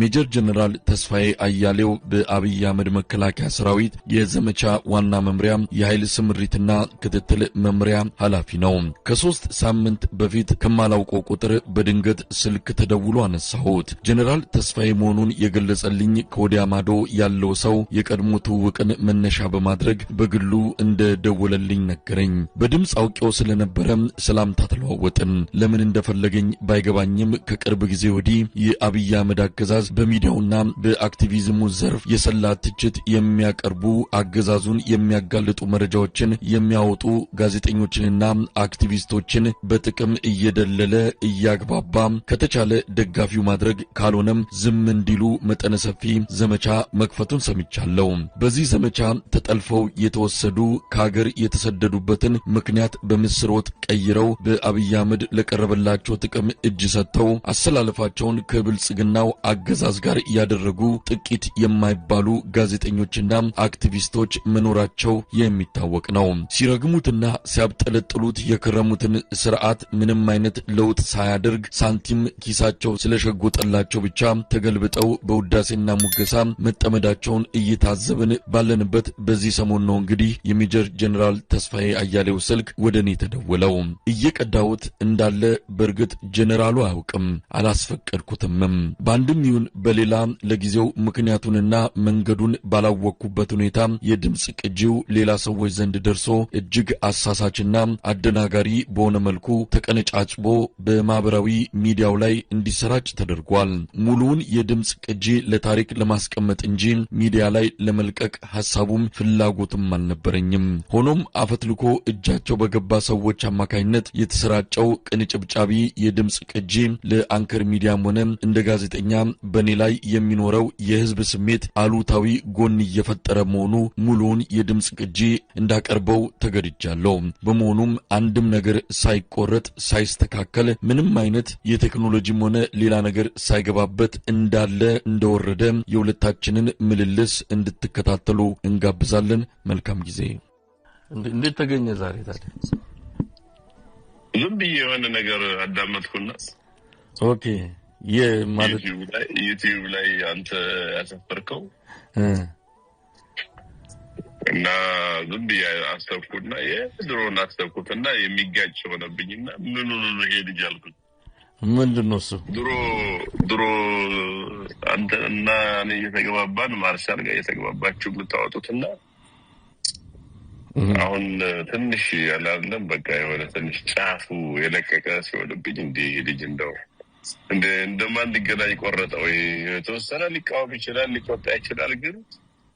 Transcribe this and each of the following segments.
ሜጀር ጀነራል ተስፋዬ አያሌው በአብይ አህመድ መከላከያ ሰራዊት የዘመቻ ዋና መምሪያ የኃይል ስምሪትና ክትትል መምሪያ ኃላፊ ነው። ከሶስት ሳምንት በፊት ከማላውቀው ቁጥር በድንገት ስልክ ተደውሎ አነሳሁት። ጀነራል ተስፋዬ መሆኑን የገለጸልኝ ከወዲያ ማዶ ያለው ሰው የቀድሞ ትውውቅን መነሻ በማድረግ በግሉ እንደደወለልኝ ነገረኝ። በድምፅ አውቄው ስለነበረ ሰላምታ ተለዋወጥን። ለምን እንደፈለገኝ ባይገባኝም ከቅርብ ጊዜ ወዲህ የአብይ አህመድ አገዛዝ በሚዲያውና በአክቲቪዝሙ ዘርፍ የሰላ ትችት የሚያቀርቡ አገዛዙን የሚያጋልጡ መረጃዎችን የሚያወጡ ጋዜጠኞችንና አክቲቪስቶችን በጥቅም እየደለለ እያግባባ ከተቻለ ደጋፊው ማድረግ ካልሆነም ዝም እንዲሉ መጠነ ሰፊ ዘመቻ መክፈቱን ሰምቻለሁ። በዚህ ዘመቻ ተጠልፈው የተወሰዱ ከሀገር የተሰደዱበትን ምክንያት በምስር ወጥ ቀይረው በአብይ አህመድ ለቀረበላቸው ጥቅም እጅ ሰጥተው አሰላለፋቸውን ከብልጽግናው አገ አገዛዝ ጋር ያደረጉ ጥቂት የማይባሉ ጋዜጠኞችና አክቲቪስቶች መኖራቸው የሚታወቅ ነው። ሲረግሙትና ሲያብጠለጥሉት የከረሙትን ስርዓት ምንም አይነት ለውጥ ሳያደርግ ሳንቲም ኪሳቸው ስለሸጎጠላቸው ብቻ ተገልብጠው በውዳሴና ሙገሳ መጠመዳቸውን እየታዘብን ባለንበት በዚህ ሰሞን ነው እንግዲህ የሜጀር ጀኔራል ተስፋዬ አያሌው ስልክ ወደ እኔ ተደወለው። እየቀዳሁት እንዳለ በእርግጥ ጀኔራሉ አያውቅም፣ አላስፈቀድኩትምም በአንድም አንዱን በሌላ ለጊዜው ምክንያቱንና መንገዱን ባላወቅኩበት ሁኔታ የድምፅ ቅጂው ሌላ ሰዎች ዘንድ ደርሶ እጅግ አሳሳችና አደናጋሪ በሆነ መልኩ ተቀነጫጭቦ በማህበራዊ ሚዲያው ላይ እንዲሰራጭ ተደርጓል። ሙሉውን የድምፅ ቅጂ ለታሪክ ለማስቀመጥ እንጂ ሚዲያ ላይ ለመልቀቅ ሀሳቡም ፍላጎትም አልነበረኝም። ሆኖም አፈትልኮ እጃቸው በገባ ሰዎች አማካኝነት የተሰራጨው ቅንጭብጫቢ የድምፅ ቅጂ ለአንከር ሚዲያም ሆነ እንደ ጋዜጠኛ በእኔ ላይ የሚኖረው የህዝብ ስሜት አሉታዊ ጎን እየፈጠረ መሆኑ ሙሉውን የድምፅ ቅጂ እንዳቀርበው ተገድጃለሁ። በመሆኑም አንድም ነገር ሳይቆረጥ ሳይስተካከል ምንም አይነት የቴክኖሎጂም ሆነ ሌላ ነገር ሳይገባበት እንዳለ እንደወረደ የሁለታችንን ምልልስ እንድትከታተሉ እንጋብዛለን። መልካም ጊዜ። እንዴት ተገኘ ዛሬ ታዲያ? ዝም ብዬ የሆነ ነገር አዳመጥኩና ኦኬ ዩቲዩብ ላይ አንተ ያሰፈርከው እና ዝም ብዬ አሰብኩና የድሮን አሰብኩት እና የሚጋጭ ሆነብኝና ምን ምኑ ይሄ ልጅ ምንድን ነው እሱ ድሮ ድሮ አንተ እና እኔ እየተግባባን ማርሻል ጋር እየተግባባችሁ እና አሁን ትንሽ ያላለም በቃ የሆነ ትንሽ ጫፉ የለቀቀ ሲሆንብኝ እንዲህ ልጅ እንደው እንደማንገናኝ ቆረጠ ወይ የተወሰነ ሊቃወም ይችላል፣ ሊቆጣ ይችላል። ግን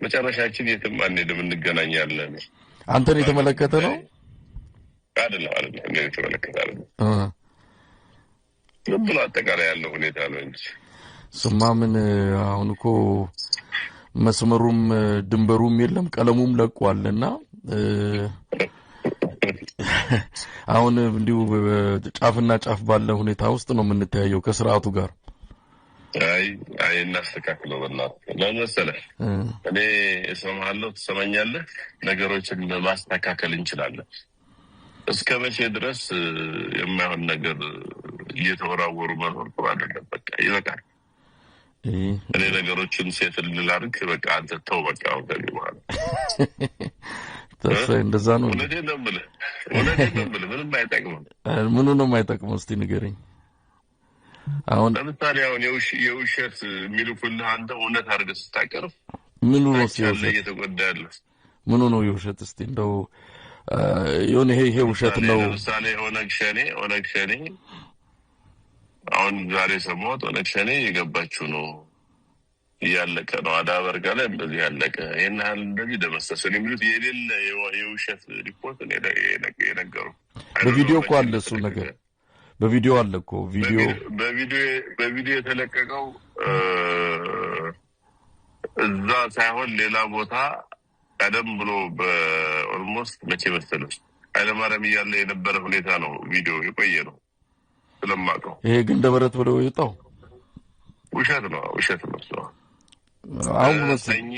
መጨረሻችን የትም አንሄድም፣ እንገናኛለን። አንተን የተመለከተ ነው አይደለም? አለ እንደ የተመለከተ አለ ዝም ብሎ አጠቃላይ ያለው ሁኔታ ነው እንጂ ስማ፣ ምን አሁን እኮ መስመሩም ድንበሩም የለም ቀለሙም ለቋል እና አሁን እንዲሁ ጫፍና ጫፍ ባለ ሁኔታ ውስጥ ነው የምንተያየው ከስርዓቱ ጋር። አይ አይ እናስተካክለው በእናትህ ለምን መሰለህ፣ እኔ እሰማሃለሁ፣ ትሰማኛለህ። ነገሮችን ማስተካከል እንችላለን። እስከ መቼ ድረስ የማይሆን ነገር እየተወራወሩ መኖር ጥሩ አይደለም። በቃ ይበቃል። እኔ ነገሮችን ሴት ልላርግ በቃ አንተ ተው በቃ በኋላ እንደዛ ነው። እውነቴን ነው የምልህ፣ እውነቴን ነው የምልህ። ምንም አይጠቅምም። ምኑ ነው የማይጠቅመው? እስቲ ንገረኝ። አሁን ለምሳሌ አሁን የውሸት የሚልኩልህ አንተ እውነት አድርገህ ስታቀርብ ምኑ ነው ሲውሸት እየተጎዳ ያለ ምኑ ነው የውሸት? እስቲ እንደው የሆነ ይሄ ይሄ ውሸት ነው። ለምሳሌ ኦነግ ሸኔ ኦነግ ሸኔ አሁን ዛሬ ሰማሁት ኦነግ ሸኔ የገባችው ነው እያለቀ ነው። አዳ በርጋ ላይ እንደዚህ ያለቀ ይህን ያህል እንደዚህ ደመሰሰን የሚሉት የሌለ የውሸት ሪፖርት የነገሩ በቪዲዮ እኮ አለ እሱ ነገር በቪዲዮ አለ እኮ ቪዲዮ በቪዲዮ የተለቀቀው እዛ ሳይሆን ሌላ ቦታ ቀደም ብሎ በኦልሞስት መቼ መሰለሽ ኃይለማርያም እያለ የነበረ ሁኔታ ነው። ቪዲዮ የቆየ ነው ስለማውቀው። ይሄ ግን ደበረት ብሎ የወጣው ውሸት ነው ውሸት ነው። ሰኚ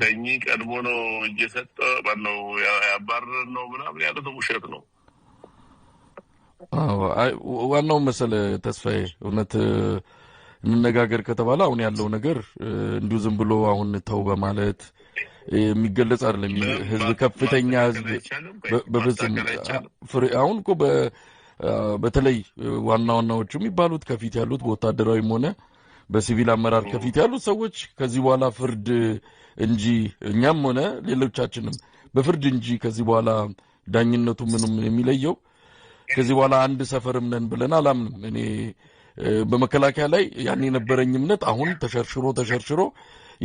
ሰኝ ቀድሞ ነው እየሰጠ ባለው ያባረር ነው ምናምን ያለት ውሸት ነው። ዋናው መሰለ ተስፋዬ እውነት እንነጋገር ከተባለ አሁን ያለው ነገር እንዲሁ ዝም ብሎ አሁን ተው በማለት የሚገለጽ አይደለም። ህዝብ ከፍተኛ ህዝብ በፍጹም አሁን እኮ በተለይ ዋና ዋናዎቹ የሚባሉት ከፊት ያሉት በወታደራዊም ሆነ በሲቪል አመራር ከፊት ያሉት ሰዎች ከዚህ በኋላ ፍርድ እንጂ እኛም ሆነ ሌሎቻችንም በፍርድ እንጂ ከዚህ በኋላ ዳኝነቱ ምንም የሚለየው ከዚህ በኋላ አንድ ሰፈርም ነን ብለን አላምንም። እኔ በመከላከያ ላይ ያን የነበረኝ እምነት አሁን ተሸርሽሮ ተሸርሽሮ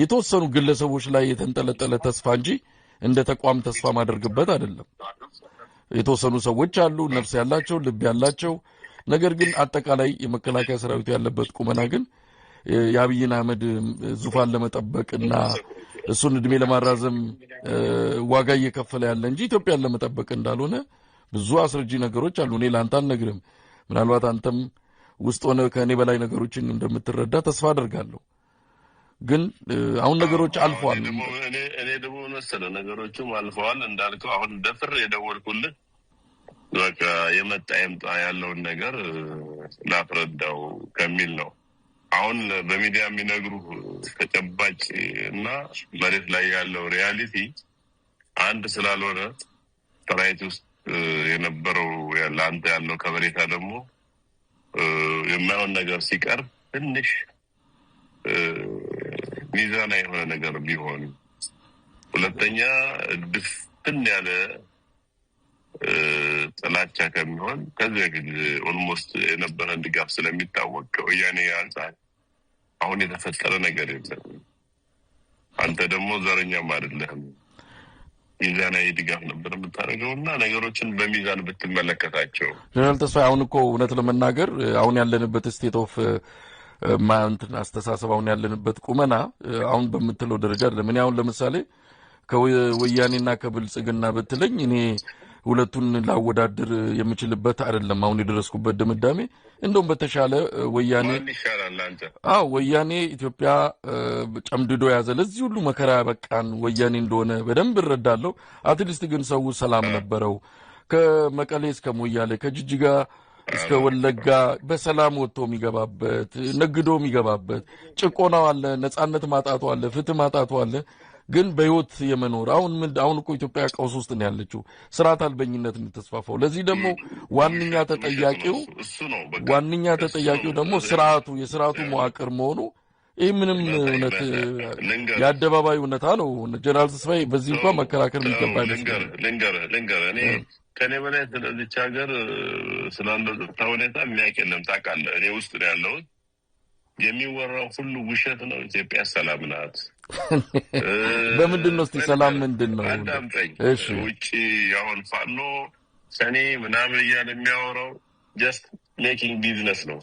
የተወሰኑ ግለሰቦች ላይ የተንጠለጠለ ተስፋ እንጂ እንደ ተቋም ተስፋ ማደርግበት አይደለም። የተወሰኑ ሰዎች አሉ፣ ነፍስ ያላቸው ልብ ያላቸው ነገር ግን አጠቃላይ የመከላከያ ሰራዊቱ ያለበት ቁመና ግን የአብይን አህመድ ዙፋን ለመጠበቅ እሱን እድሜ ለማራዘም ዋጋ እየከፈለ ያለ እንጂ ኢትዮጵያን ለመጠበቅ እንዳልሆነ ብዙ አስረጂ ነገሮች አሉ። እኔ ለአንተ አልነግርም። ምናልባት አንተም ውስጥ ሆነ ከእኔ በላይ ነገሮችን እንደምትረዳ ተስፋ አደርጋለሁ። ግን አሁን ነገሮች አልፈዋል። እኔ ደግሞ መሰለ ነገሮችም አልፈዋል እንዳልከው አሁን ደፍር የደወልኩልህ በቃ የመጣ የምጣ ያለውን ነገር ላፍረዳው ከሚል ነው። አሁን በሚዲያ የሚነግሩ ተጨባጭ እና መሬት ላይ ያለው ሪያሊቲ አንድ ስላልሆነ ሰራዊት ውስጥ የነበረው ለአንተ ያለው ከበሬታ ደግሞ የማይሆን ነገር ሲቀርብ ትንሽ ሚዛና የሆነ ነገር ቢሆን፣ ሁለተኛ ድፍን ያለ ጥላቻ ከሚሆን ከዚያ በፊት ኦልሞስት የነበረን ድጋፍ ስለሚታወቅ ከወያኔ አንጻር አሁን የተፈጠረ ነገር የለም። አንተ ደግሞ ዘረኛም አይደለህም። ሚዛናዊ ድጋፍ ነበር የምታደርገው እና ነገሮችን በሚዛን ብትመለከታቸው። ጀነራል ተስፋ አሁን እኮ እውነት ለመናገር አሁን ያለንበት ስቴት ኦፍ ማንትን አስተሳሰብ አሁን ያለንበት ቁመና አሁን በምትለው ደረጃ አይደለም። እኔ አሁን ለምሳሌ ከወያኔና ከብልጽግና ብትለኝ እኔ ሁለቱን ላወዳድር የምችልበት አይደለም። አሁን የደረስኩበት ድምዳሜ እንደውም በተሻለ ወያኔ አዎ ወያኔ ኢትዮጵያ ጨምድዶ ያዘ ለዚህ ሁሉ መከራ ያበቃን ወያኔ እንደሆነ በደንብ እረዳለሁ። አትሊስት ግን ሰው ሰላም ነበረው። ከመቀሌ እስከ ሞያሌ ከጅጅጋ እስከ ወለጋ በሰላም ወጥቶ የሚገባበት ነግዶ የሚገባበት ጭቆናው አለ፣ ነጻነት ማጣቱ አለ፣ ፍትህ ማጣቱ አለ። ግን በህይወት የመኖር አሁን ምን አሁን እኮ ኢትዮጵያ ቀውስ ውስጥ ነው ያለችው፣ ስርዓት አልበኝነት የምትስፋፋው። ለዚህ ደግሞ ዋነኛ ተጠያቂው ዋነኛ ተጠያቂው ደግሞ ስርዓቱ የስርዓቱ መዋቅር መሆኑ ይህ ምንም እውነት የአደባባይ እውነታ ነው። ጀነራል ተስፋዬ በዚህ እንኳን መከራከር የሚገባ አይመስለኝም። ልንገርህ ልንገርህ እኔ ከኔ በላይ ስለዚች ሀገር ስላለው ጸጥታ ሁኔታ የሚያውቅ የለም። ታውቃለህ እኔ ውስጥ ነው ያለሁት የሚወራው ሁሉ ውሸት ነው። ኢትዮጵያ ሰላም ናት። በምንድን ነው እስኪ ሰላም ምንድን ነው? አዳምጠኝ። ውጭ አሁን ፋኖ ሰኔ ምናምን እያለ የሚያወራው ጀስት ሜኪንግ ቢዝነስ ነው።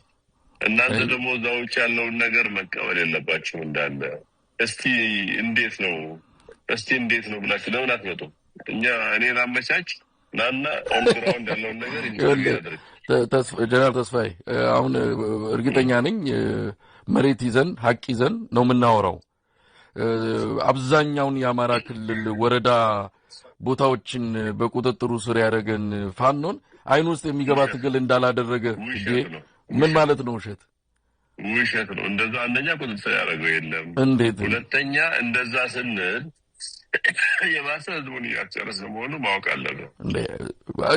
እናንተ ደግሞ እዛ ውጭ ያለውን ነገር መቀበል የለባችሁ እንዳለ። እስቲ እንዴት ነው እስቲ እንዴት ነው ብላችሁ ለምን አትመጡም? እኛ እኔ ላመቻች ናና ኦንግራውንድ ያለውን ነገር ይደርግ ጀነራል ተስፋዬ አሁን እርግጠኛ ነኝ መሬት ይዘን ሀቅ ይዘን ነው የምናወራው። አብዛኛውን የአማራ ክልል ወረዳ ቦታዎችን በቁጥጥሩ ስር ያደረገን ፋኖን አይን ውስጥ የሚገባ ትግል እንዳላደረገ ምን ማለት ነው? ውሸት ውሸት ነው። እንደዛ አንደኛ ቁጥጥር ያደረገው የለም። እንዴት ሁለተኛ እንደዛ ስንል የባሰ ህዝቡን እያስጨረሰ መሆኑ ማወቅ አለብን።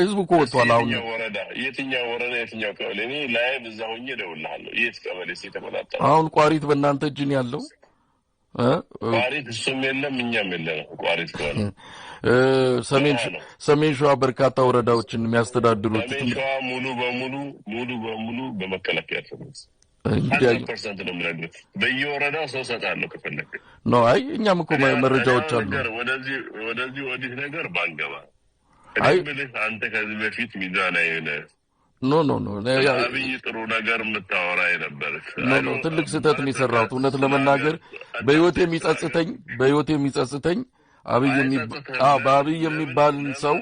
ህዝቡ እኮ ወጥቷል። አሁን ወረዳ የትኛው ወረዳ የትኛው ቀበሌ? እኔ ላይ እዛ ሆኜ እደውልልሃለሁ። የት ቀበሌ የተመጣጠ አሁን ቋሪት በእናንተ እጅን ያለው ቋሪት እሱም የለም እኛም የለንም። ቋሪት ከሆነ ሰሜን ሸዋ በርካታ ወረዳዎችን የሚያስተዳድሩት ሸዋ ሙሉ በሙሉ ሙሉ በሙሉ በመከላከያ በየወረዳው ሰው እሰጣለሁ ከፈለግ ነው። አይ እኛም እኮ መረጃዎች አሉ። ወደዚህ ወዲህ ነገር ባንገባ ብልህ አንተ ከዚህ በፊት ሚዛን አይነ ኖ ኖ ኖ አብይ ጥሩ ነገር የምታወራ የነበር ኖ ኖ ትልቅ ስህተት እውነት ለመናገር በህይወት የሚጸጽተኝ በህይወት የሚጸጽተኝ በአብይ የሚባል ሰው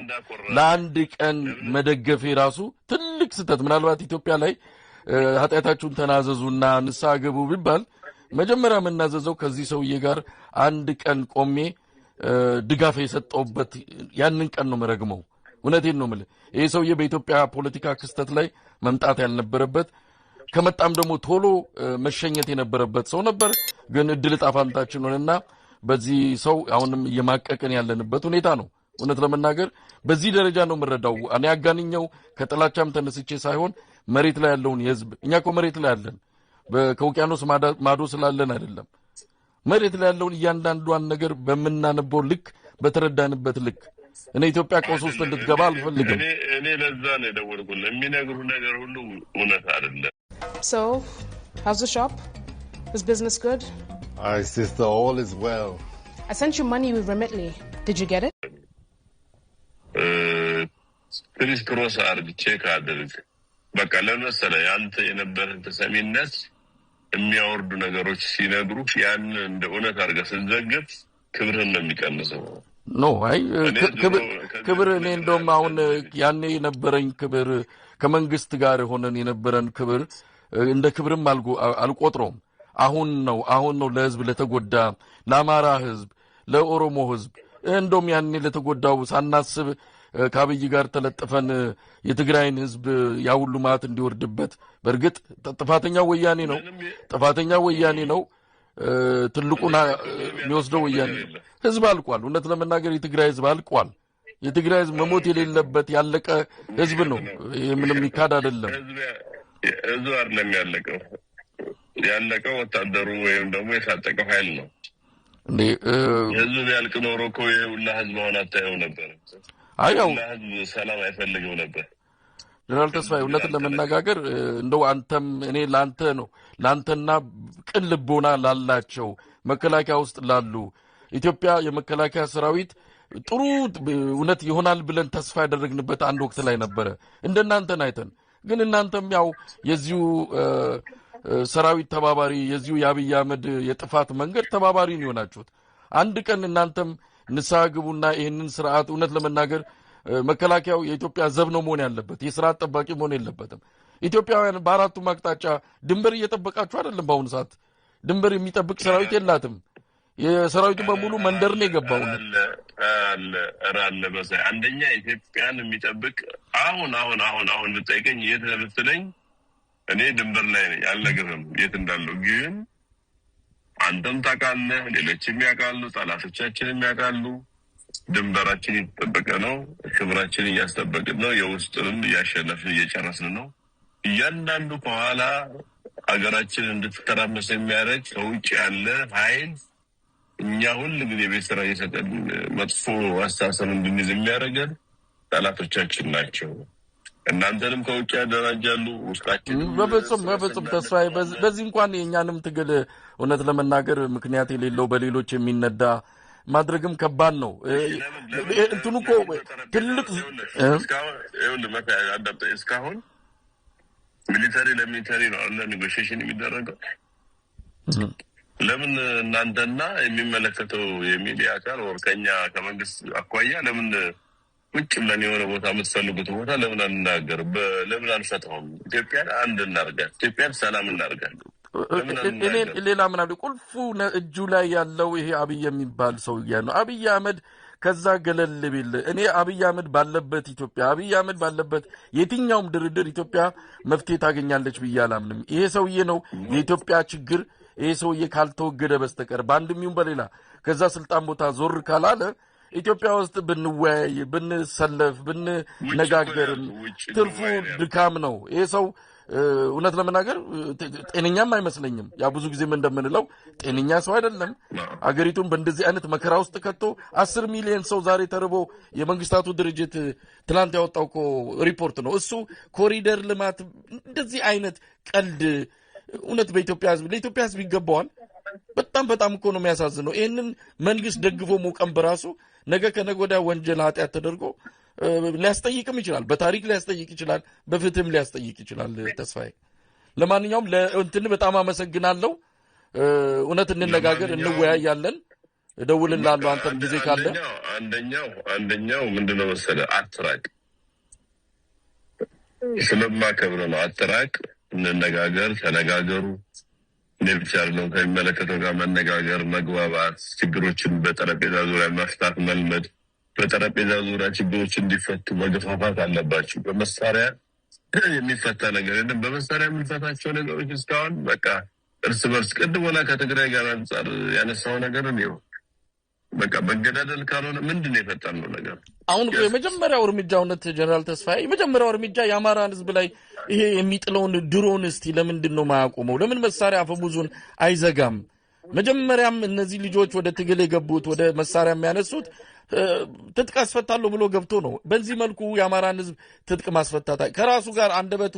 ለአንድ ቀን መደገፌ ራሱ ትልቅ ስህተት ምናልባት ኢትዮጵያ ላይ ኃጢአታችሁን ተናዘዙና ንስሐ ግቡ ቢባል መጀመሪያ የምናዘዘው ከዚህ ሰውዬ ጋር አንድ ቀን ቆሜ ድጋፍ የሰጠውበት ያንን ቀን ነው መረግመው። እውነቴን ነው የምልህ። ይህ ሰውዬ በኢትዮጵያ ፖለቲካ ክስተት ላይ መምጣት ያልነበረበት ከመጣም ደግሞ ቶሎ መሸኘት የነበረበት ሰው ነበር። ግን እድል ዕጣ ሆነና በዚህ ሰው አሁንም እየማቀቅን ያለንበት ሁኔታ ነው። እውነት ለመናገር በዚህ ደረጃ ነው የምረዳው። እኔ ያጋንኘው ከጥላቻም ተነስቼ ሳይሆን መሬት ላይ ያለውን የህዝብ እኛ እኮ መሬት ላይ አለን፣ ከውቅያኖስ ማዶ ስላለን አይደለም። መሬት ላይ ያለውን እያንዳንዷን ነገር በምናነበው ልክ በተረዳንበት ልክ እኔ ኢትዮጵያ ቀውስ ውስጥ እንድትገባ አልፈልግም። እኔ ለዛ ነው የደወልኩት። የሚነግሩ ነገር ሁሉ እውነት አይደለም። So, how's the shop? Is business good? Aye, sister, all is well. I sent you money with Remitly. Did you get it? ፕሊስ ክሮስ አርግ ቼክ አድርግ በቃ ለመሰለ ያንተ የነበረን ተሰሚነት የሚያወርዱ ነገሮች ሲነግሩ ያን እንደ እውነት አድርገህ ስትዘግብ ክብርህን ነው የሚቀንሰው። ኖ አይ ክብር እኔ እንደውም አሁን ያኔ የነበረኝ ክብር ከመንግስት ጋር የሆነን የነበረን ክብር እንደ ክብርም አልቆጥሮም። አሁን ነው አሁን ነው ለህዝብ ለተጎዳ ለአማራ ህዝብ፣ ለኦሮሞ ህዝብ እንደውም ያኔ ለተጎዳው ሳናስብ ከአብይ ጋር ተለጥፈን የትግራይን ህዝብ ያ ሁሉ ማት እንዲወርድበት። በእርግጥ ጥፋተኛ ወያኔ ነው፣ ጥፋተኛ ወያኔ ነው። ትልቁን የሚወስደው ወያኔ ነው። ህዝብ አልቋል። እውነት ለመናገር የትግራይ ህዝብ አልቋል። የትግራይ ህዝብ መሞት የሌለበት ያለቀ ህዝብ ነው። ይህ ምንም ይካድ አይደለም። ህዝብ አይደለም ያለቀው ያለቀው ወታደሩ ወይም ደግሞ የታጠቀው ኃይል ነው። ህዝብ ቢያልቅ ኖሮ እኮ የሁላ ህዝብ አሁን አታየው ነበር። አይ ያው ሰላም አይፈልግም ነበር። ጀነራል ተስፋዬ እውነትን ለመነጋገር እንደው አንተም እኔ ለአንተ ነው ለአንተና ቅን ልቦና ላላቸው መከላከያ ውስጥ ላሉ ኢትዮጵያ የመከላከያ ሰራዊት ጥሩ እውነት ይሆናል ብለን ተስፋ ያደረግንበት አንድ ወቅት ላይ ነበረ እንደናንተን አይተን ግን እናንተም ያው የዚሁ ሰራዊት ተባባሪ የዚሁ የአብይ አህመድ የጥፋት መንገድ ተባባሪ ነው የሆናችሁት። አንድ ቀን እናንተም ንስሐ ግቡና ይህንን ስርዓት እውነት ለመናገር መከላከያው የኢትዮጵያ ዘብ ነው መሆን ያለበት፣ የስርዓት ጠባቂ መሆን የለበትም። ኢትዮጵያውያን በአራቱም አቅጣጫ ድንበር እየጠበቃችሁ አይደለም። በአሁኑ ሰዓት ድንበር የሚጠብቅ ሰራዊት የላትም። የሰራዊቱ በሙሉ መንደር ነው የገባው። አለ መሳይ አንደኛ ኢትዮጵያን የሚጠብቅ አሁን አሁን አሁን አሁን ብጠይቀኝ የት ብትለኝ እኔ ድንበር ላይ ነኝ አልነግርህም የት እንዳለው ግን አንተም ታውቃለህ፣ ሌሎችም ያውቃሉ፣ ጠላቶቻችንም ያውቃሉ። ድንበራችን እየተጠበቀ ነው። ክብራችን እያስጠበቅን ነው። የውስጥንም እያሸነፍን እየጨረስን ነው። እያንዳንዱ ከኋላ ሀገራችን እንድትተራመስ የሚያደርግ ከውጭ ያለ ኃይል እኛ ሁል ጊዜ ቤት ስራ እየሰጠን መጥፎ አስተሳሰብ እንድንይዝ የሚያደርገን ጠላቶቻችን ናቸው። እናንተንም ከውጭ ያደራጃሉ። ውስጣችን በፍጹም በፍጹም ተስፋ በዚህ እንኳን የእኛንም ትግል እውነት ለመናገር ምክንያት የሌለው በሌሎች የሚነዳ ማድረግም ከባድ ነው። እንትኑ እኮ ትልቅ እስካሁን ሚሊተሪ ለሚሊተሪ ነው አለ ኔጎሽሽን የሚደረገው ለምን እናንተና የሚመለከተው የሚዲያ አካል ወርከኛ ከመንግስት አኳያ ለምን ቁጭ ብለን የሆነ ቦታ የምትፈልጉት ቦታ ለምን አንናገር? ለምን አንፈጥረውም? ኢትዮጵያን አንድ እናርጋል። ኢትዮጵያን ሰላም እናርጋል። ሌላ ምን አለ? ቁልፉ እጁ ላይ ያለው ይሄ አብይ የሚባል ሰውዬ ነው። አብይ አህመድ ከዛ ገለል ቢል እኔ አብይ አህመድ ባለበት ኢትዮጵያ አብይ አህመድ ባለበት የትኛውም ድርድር ኢትዮጵያ መፍትሄ ታገኛለች ብዬ አላምንም። ይሄ ሰውዬ ነው የኢትዮጵያ ችግር። ይሄ ሰውዬ ካልተወገደ በስተቀር በአንድም ይሁን በሌላ ከዛ ስልጣን ቦታ ዞር ካላለ ኢትዮጵያ ውስጥ ብንወያይ፣ ብንሰለፍ፣ ብንነጋገርም ትርፉ ድካም ነው። ይሄ ሰው እውነት ለመናገር ጤነኛም አይመስለኝም። ያ ብዙ ጊዜም እንደምንለው ጤነኛ ሰው አይደለም። አገሪቱን በእንደዚህ አይነት መከራ ውስጥ ከቶ አስር ሚሊዮን ሰው ዛሬ ተርቦ የመንግስታቱ ድርጅት ትናንት ያወጣው እኮ ሪፖርት ነው እሱ ኮሪደር ልማት እንደዚህ አይነት ቀልድ እውነት በኢትዮጵያ ህዝብ ለኢትዮጵያ ህዝብ ይገባዋል። በጣም በጣም እኮ ነው የሚያሳዝነው። ይህንን መንግስት ደግፎ መውቀም በራሱ ነገ ከነገ ወዲያ ወንጀል ኃጢአት ተደርጎ ሊያስጠይቅም ይችላል። በታሪክ ሊያስጠይቅ ይችላል። በፍትህም ሊያስጠይቅ ይችላል። ተስፋዬ ለማንኛውም ለእንትን በጣም አመሰግናለሁ። እውነት እንነጋገር፣ እንወያያለን። እደውልልሃለሁ አንተ ጊዜ ካለ። አንደኛው አንደኛው ምንድን መሰለህ አትራቅ፣ ስለማከብር ነው። አትራቅ፣ እንነጋገር፣ ተነጋገሩ እንደሚቻል ነው ከሚመለከተው ጋር መነጋገር፣ መግባባት፣ ችግሮችን በጠረጴዛ ዙሪያ መፍታት መልመድ። በጠረጴዛ ዙሪያ ችግሮች እንዲፈቱ መገፋፋት አለባቸው። በመሳሪያ የሚፈታ ነገር የለም። በመሳሪያ የምንፈታቸው ነገሮች እስካሁን በቃ እርስ በርስ ቅድሞና ከትግራይ ጋር አንጻር ያነሳው ነገር ነው በቃ መገዳደል ካልሆነ ምንድን ነው ነገር? አሁን የመጀመሪያው እርምጃ እውነት ጀነራል ተስፋዬ የመጀመሪያው እርምጃ የአማራን ህዝብ ላይ ይሄ የሚጥለውን ድሮን እስቲ ለምንድን ነው ማያቆመው? ለምን መሳሪያ አፈሙዙን አይዘጋም? መጀመሪያም እነዚህ ልጆች ወደ ትግል የገቡት ወደ መሳሪያ የሚያነሱት ትጥቅ አስፈታለሁ ብሎ ገብቶ ነው። በዚህ መልኩ የአማራን ህዝብ ትጥቅ ማስፈታታ ከራሱ ጋር አንደበቱ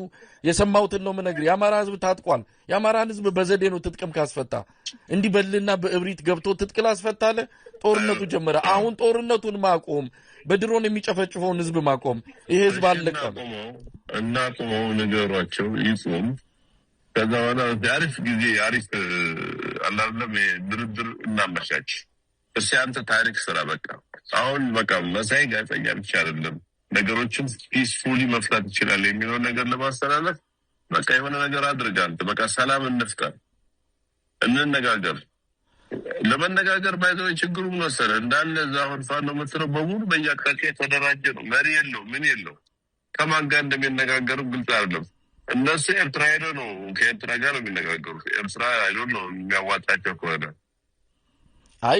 የሰማሁትን ነው ምነግር። የአማራ ህዝብ ታጥቋል። የአማራን ህዝብ በዘዴ ነው ትጥቅም ካስፈታ። እንዲህ በልና በእብሪት ገብቶ ትጥቅ ላስፈታለ ጦርነቱ ጀመረ። አሁን ጦርነቱን ማቆም፣ በድሮን የሚጨፈጭፈውን ህዝብ ማቆም። ይሄ ህዝብ አልለቀም። እናቁመው፣ ንገሯቸው ይቁም። ከዛ በኋላ አሪፍ ጊዜ አሪፍ አላለም ድርድር እናመቻች። እስኪ አንተ ታሪክ ስራ በቃ አሁን በቃ መሳይ ጋዜጠኛ ብቻ አይደለም፣ ነገሮችን ፒስፉሊ መፍታት ይችላል የሚለውን ነገር ለማስተላለፍ በቃ የሆነ ነገር አድርጋል። በቃ ሰላም እንፍጠር፣ እንነጋገር። ለመነጋገር ባይዘው ችግሩ መሰለ እንዳለ እዛ አሁን ፋኖ የምትለው በሙሉ በየአቅጣጫ የተደራጀ ነው። መሪ የለው ምን የለው ከማን ጋር እንደሚነጋገሩ ግልጽ አይደለም። እነሱ ኤርትራ ሄደ ነው ከኤርትራ ጋር ነው የሚነጋገሩት። ኤርትራ አይዶ ነው የሚያዋጣቸው ከሆነ አይ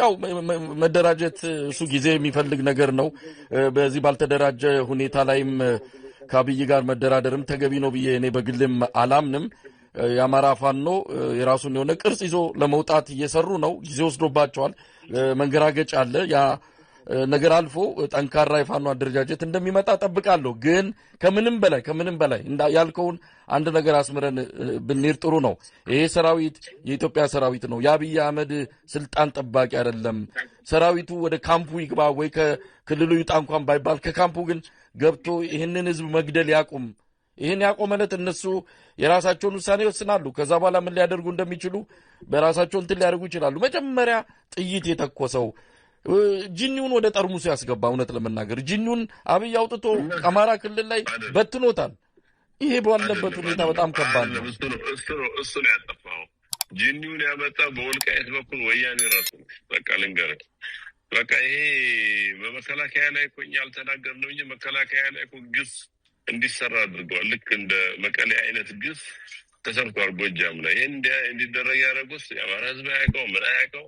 ያው መደራጀት እሱ ጊዜ የሚፈልግ ነገር ነው። በዚህ ባልተደራጀ ሁኔታ ላይም ከአብይ ጋር መደራደርም ተገቢ ነው ብዬ እኔ በግልም አላምንም። የአማራ ፋኖ የራሱን የሆነ ቅርጽ ይዞ ለመውጣት እየሰሩ ነው። ጊዜ ወስዶባቸዋል። መንገራገጭ አለ። ያ ነገር አልፎ ጠንካራ የፋኖ አደረጃጀት እንደሚመጣ ጠብቃለሁ። ግን ከምንም በላይ ከምንም በላይ ያልከውን አንድ ነገር አስምረን ብንሄድ ጥሩ ነው። ይሄ ሰራዊት የኢትዮጵያ ሰራዊት ነው። የአብይ አህመድ ስልጣን ጠባቂ አይደለም። ሰራዊቱ ወደ ካምፑ ይግባ ወይ ከክልሉ ይውጣ እንኳን ባይባል ከካምፑ ግን ገብቶ ይህንን ህዝብ መግደል ያቁም። ይህን ያቆመለት እነሱ የራሳቸውን ውሳኔ ይወስናሉ። ከዛ በኋላ ምን ሊያደርጉ እንደሚችሉ በራሳቸው እንትን ሊያደርጉ ይችላሉ። መጀመሪያ ጥይት የተኮሰው ጅኒውን ወደ ጠርሙሱ ያስገባ። እውነት ለመናገር ጅኒውን አብይ አውጥቶ አማራ ክልል ላይ በትኖታል። ይሄ ባለበት ሁኔታ በጣም ከባድ ነው። እሱ ነው ያጠፋው። ጅኒውን ያመጣ በወልቃየት በኩል ወያኔ ራሱ በቃ ልንገርህ፣ በቃ ይሄ በመከላከያ ላይ እኮ እኛ ነው እ መከላከያ ላይ እኮ ግፍ እንዲሰራ አድርገዋል። ልክ እንደ መቀሌ አይነት ግፍ ተሰርቷል ጎጃም ላይ። ይህን እንዲደረግ ያደረጉስ የአማራ ህዝብ አያውቀው ምን አያውቀው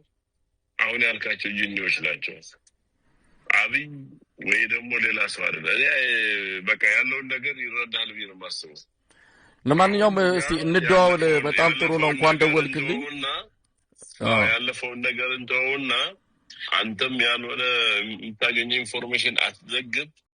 አሁን ያልካቸው ጅኒዎች ናቸው። አብይ ወይ ደግሞ ሌላ ሰው አይደለ። በቃ ያለውን ነገር ይረዳል ብዬ ነው የማስበው። ለማንኛውም እስቲ እንደዋውል። በጣም ጥሩ ነው። እንኳን ደወልክልኝ። ያለፈውን ነገር እንደውና አንተም ያልሆነ የምታገኘ ኢንፎርሜሽን አትዘግብ።